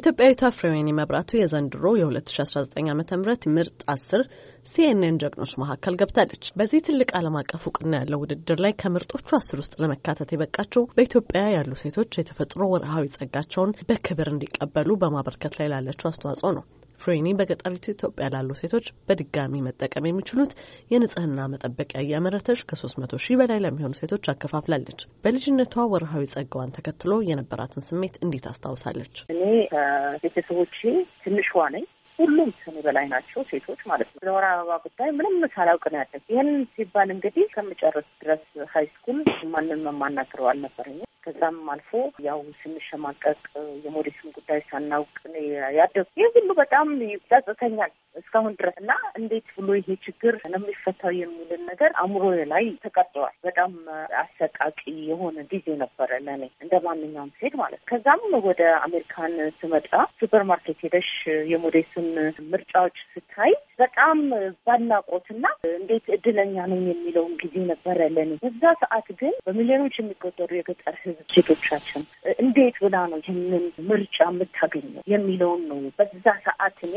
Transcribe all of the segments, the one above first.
ኢትዮጵያዊቷ ፍሬዌን መብራቱ የዘንድሮ የ2019 ዓ ም ምርጥ አስር ሲኤንኤን ጀግኖች መካከል ገብታለች። በዚህ ትልቅ ዓለም አቀፍ እውቅና ያለው ውድድር ላይ ከምርጦቹ አስር ውስጥ ለመካተት የበቃቸው በኢትዮጵያ ያሉ ሴቶች የተፈጥሮ ወርሃዊ ጸጋቸውን በክብር እንዲቀበሉ በማበርከት ላይ ላለችው አስተዋጽኦ ነው። ፍሬኒ በገጠሪቱ ኢትዮጵያ ላሉ ሴቶች በድጋሚ መጠቀም የሚችሉት የንጽህና መጠበቂያ እያመረተች ከ300 ሺህ በላይ ለሚሆኑ ሴቶች አከፋፍላለች። በልጅነቷ ወርሃዊ ጸጋዋን ተከትሎ የነበራትን ስሜት እንዴት አስታውሳለች? እኔ ቤተሰቦች ትንሿ ነኝ። ሁሉም ከኔ በላይ ናቸው ሴቶች ማለት ነው። ለወር አበባ ጉዳይ ምንም ሳላውቅ ነው ያለ። ይህን ሲባል እንግዲህ ከምጨርስ ድረስ ሀይ ስኩል ማንም የማናግረው አልነበረኝ። ከዛም አልፎ ያው ስንሸማቀቅ የሞዴስን ጉዳይ ሳናውቅ ያደጉ ይህ ሁሉ በጣም ይጸጽተኛል። እስካሁን ድረስ እና እንዴት ብሎ ይሄ ችግር ነው የሚፈታው የሚልን ነገር አእምሮ ላይ ተቀጥሏል። በጣም አሰቃቂ የሆነ ጊዜ ነበረ ለእኔ እንደ ማንኛውም ሴት ማለት ነው። ከዛም ወደ አሜሪካን ስመጣ ሱፐር ማርኬት ሄደሽ የሞዴስን ምርጫዎች ስታይ በጣም ባናቆትና እንዴት እድለኛ ነኝ የሚለውን ጊዜ ነበረ ለእኔ። እዛ ሰዓት ግን በሚሊዮኖች የሚቆጠሩ የገጠር ህዝብ ሴቶቻችን እንዴት ብላ ነው ይህንን ምርጫ የምታገኘው የሚለውን ነው በዛ ሰዓት እኔ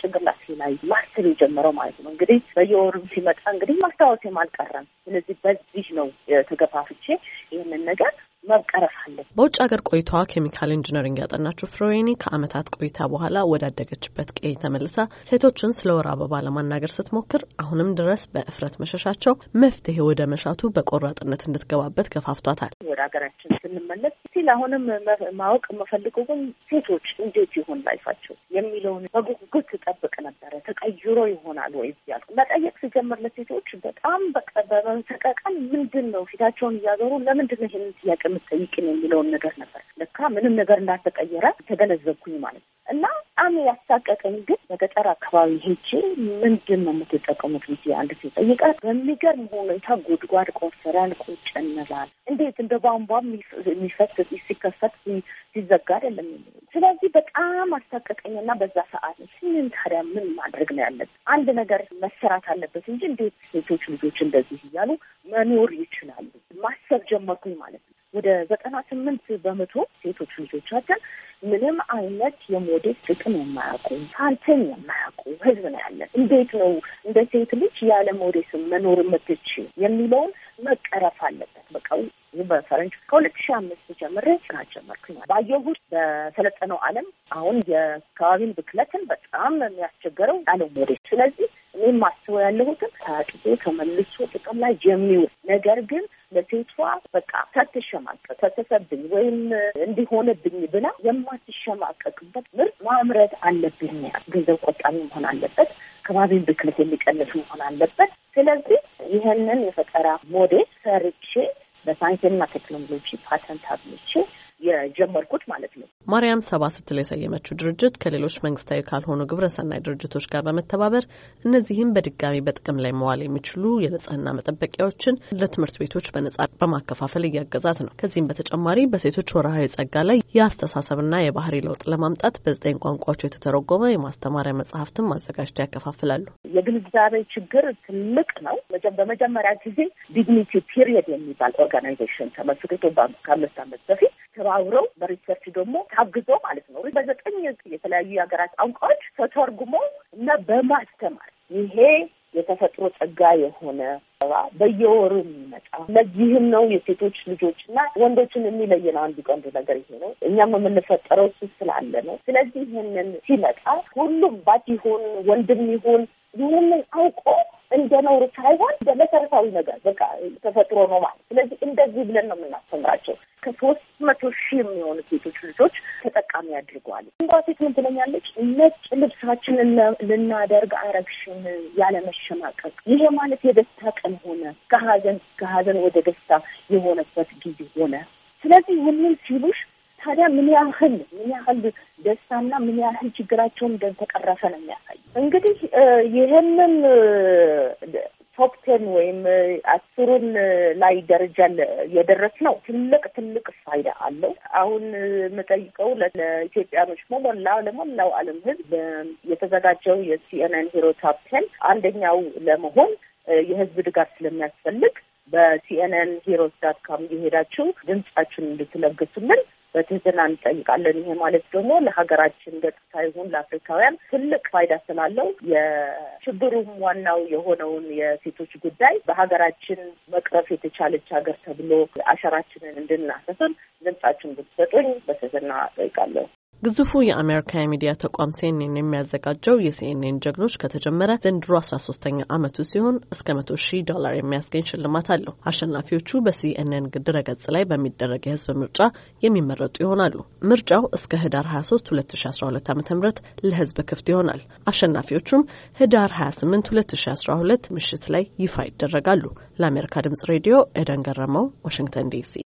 ጭንቅላት ላይ ማሰብ የጀመረው ማለት ነው። እንግዲህ በየወሩም ሲመጣ እንግዲህ ማስታወሴም አልቀረም። ስለዚህ በዚህ ነው ተገፋፍቼ ይህንን ነገር በውጭ ሀገር ቆይታዋ ኬሚካል ኢንጂነሪንግ ያጠናችው ፍሮዌኒ ከዓመታት ቆይታ በኋላ ወዳደገችበት ቀይ ተመልሳ ሴቶችን ስለ ወር አበባ ለማናገር ስትሞክር አሁንም ድረስ በእፍረት መሸሻቸው መፍትሄ ወደ መሻቱ በቆራጥነት እንድትገባበት ገፋፍቷታል። ወደ ሀገራችን ስንመለስ ሲል አሁንም ማወቅ የምፈልገው ግን ሴቶች እንዴት ይሆን ላይፋቸው የሚለውን በጉጉት ትጠብቅ ነበረ። ተቀይሮ ይሆናል ወይ እያልኩ መጠየቅ ስጀምር ለሴቶች በጣም በመንሰቀቀን ምንድን ነው ፊታቸውን እያዞሩ ለምንድን ነው ይህንን ጥያቄ የምትጠይቅን የሚለው የምለው ነገር ነበር። ለካ ምንም ነገር እንዳልተቀየረ ተገነዘብኩኝ ማለት ነው። እና በጣም ያሳቀቀኝ ግን በገጠር አካባቢ ሄጄ ምንድን ነው የምትጠቀሙት ምስ አንድ ሴት ጠይቀ በሚገርም ሁኔታ ጉድጓድ ቆፍረን ቁጭ እንላል። እንዴት እንደ ቧንቧ የሚፈት ሲከፈት ሲዘጋ አይደለም። ስለዚህ በጣም አስታቀቀኝና በዛ ሰዓት ነው ስምን ታዲያ ምን ማድረግ ነው ያለብን? አንድ ነገር መሰራት አለበት እንጂ እንዴት ሴቶች ልጆች እንደዚህ እያሉ መኖር ይችላሉ? ማሰብ ጀመርኩኝ ማለት ነው። ወደ ዘጠና ስምንት በመቶ ሴቶች ልጆቻችን ምንም አይነት የሞዴስ ጥቅም የማያውቁ ፓንትን የማያውቁ ህዝብ ነው ያለን። እንዴት ነው እንደ ሴት ልጅ ያለ ሞዴስ መኖር የምትች የሚለውን መቀረፍ አለበት። በቃ በፈረንጅ ከሁለት ሺ አምስት ጀምሬ ስራ ጀመርኩኝ። ባየሁት በሰለጠነው ዓለም አሁን የአካባቢን ብክለትን በጣም የሚያስቸግረው ያለ ሞዴስ። ስለዚህ እኔም ማስበው ያለሁትም ታቅቤ ከመልሶ ጥቅም ላይ የሚውል ነገር ግን ለሴቷ በቃ ሳትሸማቀቅ ፈሰሰብኝ ወይም እንዲሆነብኝ ብላ የማትሸማቀቅበት ምርት ማምረት አለብኝ። ገንዘብ ቆጣቢ መሆን አለበት። ከባቢን ብክለት የሚቀንስ መሆን አለበት። ስለዚህ ይህንን የፈጠራ ሞዴል ሰርቼ በሳይንስና ቴክኖሎጂ ፓተንት አብልቼ የጀመርኩት ማለት ነው። ማርያም ሰባ ስትል የሰየመችው ድርጅት ከሌሎች መንግስታዊ ካልሆኑ ግብረሰናይ ድርጅቶች ጋር በመተባበር እነዚህም በድጋሚ በጥቅም ላይ መዋል የሚችሉ የንጽህና መጠበቂያዎችን ለትምህርት ቤቶች በነጻ በማከፋፈል እያገዛት ነው። ከዚህም በተጨማሪ በሴቶች ወርሃዊ ጸጋ ላይ የአስተሳሰብና የባህሪ ለውጥ ለማምጣት በዘጠኝ ቋንቋዎች የተተረጎመ የማስተማሪያ መጽሐፍትን ማዘጋጅቶ ያከፋፍላሉ። የግንዛቤ ችግር ትልቅ ነው። በመጀመሪያ ጊዜ ዲግኒቲ ፒሪየድ የሚባል ኦርጋናይዜሽን ተመስግቶ ከአምስት አመት በፊት ተዘዋውረው በሪሰርች ደግሞ ታግዞ ማለት ነው በዘጠኝ የተለያዩ የሀገራት ቋንቋዎች ተተርጉሞ እና በማስተማር ይሄ የተፈጥሮ ጸጋ የሆነ በየወሩ የሚመጣ ለዚህም ነው የሴቶች ልጆች እና ወንዶችን የሚለየን አንዱ ቀንዱ ነገር ይሄ ነው። እኛም የምንፈጠረው እሱ ስላለ ነው። ስለዚህ ይህንን ሲመጣ ሁሉም ባት ይሁን ወንድም ይሁን ይህንን አውቆ እንደ ነውር ሳይሆን እንደ መሰረታዊ ነገር በቃ ተፈጥሮ ነው ማለት ስለዚህ እንደዚህ ብለን ነው የምናስተምራቸው። ሺህ የሚሆኑ ሴቶች ልጆች ተጠቃሚ አድርገዋል። እንኳ ሴት ምን ትለኛለች? ነጭ ልብሳችንን ልናደርግ አረግሽን ያለመሸማቀቅ። ይሄ ማለት የደስታ ቀን ሆነ፣ ከሀዘን ከሀዘን ወደ ደስታ የሆነበት ጊዜ ሆነ። ስለዚህ ይህንን ሲሉሽ ታዲያ ምን ያህል ምን ያህል ደስታና ምን ያህል ችግራቸውን እንደተቀረፈ ነው የሚያሳይ። እንግዲህ ይህንን ቶፕ ቴን ወይም አስሩን ላይ ደረጃ የደረስ ነው ትልቅ ትልቅ ፋይዳ አለው። አሁን የምጠይቀው ለኢትዮጵያኖች ሞላ ለሞላው ዓለም ሕዝብ የተዘጋጀው የሲኤንኤን ሂሮ ቶፕ ቴን አንደኛው ለመሆን የህዝብ ድጋፍ ስለሚያስፈልግ በሲኤንኤን ሂሮስ ዳት ካም እየሄዳችሁ ድምጻችሁን እንድትለግሱልን በትህትና እንጠይቃለን። ይሄ ማለት ደግሞ ለሀገራችን ገጽታ ይሁን ለአፍሪካውያን ትልቅ ፋይዳ ስላለው የችግሩም ዋናው የሆነውን የሴቶች ጉዳይ በሀገራችን መቅረፍ የተቻለች ሀገር ተብሎ አሻራችንን እንድናሰፍን ድምጻችን ብትሰጡኝ በትህትና እጠይቃለሁ። ግዙፉ የአሜሪካ የሚዲያ ተቋም ሲኤንኤን የሚያዘጋጀው የሲኤንኤን ጀግኖች ከተጀመረ ዘንድሮ አስራ ሶስተኛ ዓመቱ ሲሆን እስከ መቶ ሺህ ዶላር የሚያስገኝ ሽልማት አለው። አሸናፊዎቹ በሲኤንኤን ድረገጽ ላይ በሚደረግ የህዝብ ምርጫ የሚመረጡ ይሆናሉ። ምርጫው እስከ ህዳር ሀያ ሶስት ሁለት ሺ አስራ ሁለት ለህዝብ ክፍት ይሆናል። አሸናፊዎቹም ህዳር ሀያ ስምንት ሁለት ሺ አስራ ሁለት ምሽት ላይ ይፋ ይደረጋሉ። ለአሜሪካ ድምጽ ሬዲዮ ኤደን ገረመው ዋሽንግተን ዲሲ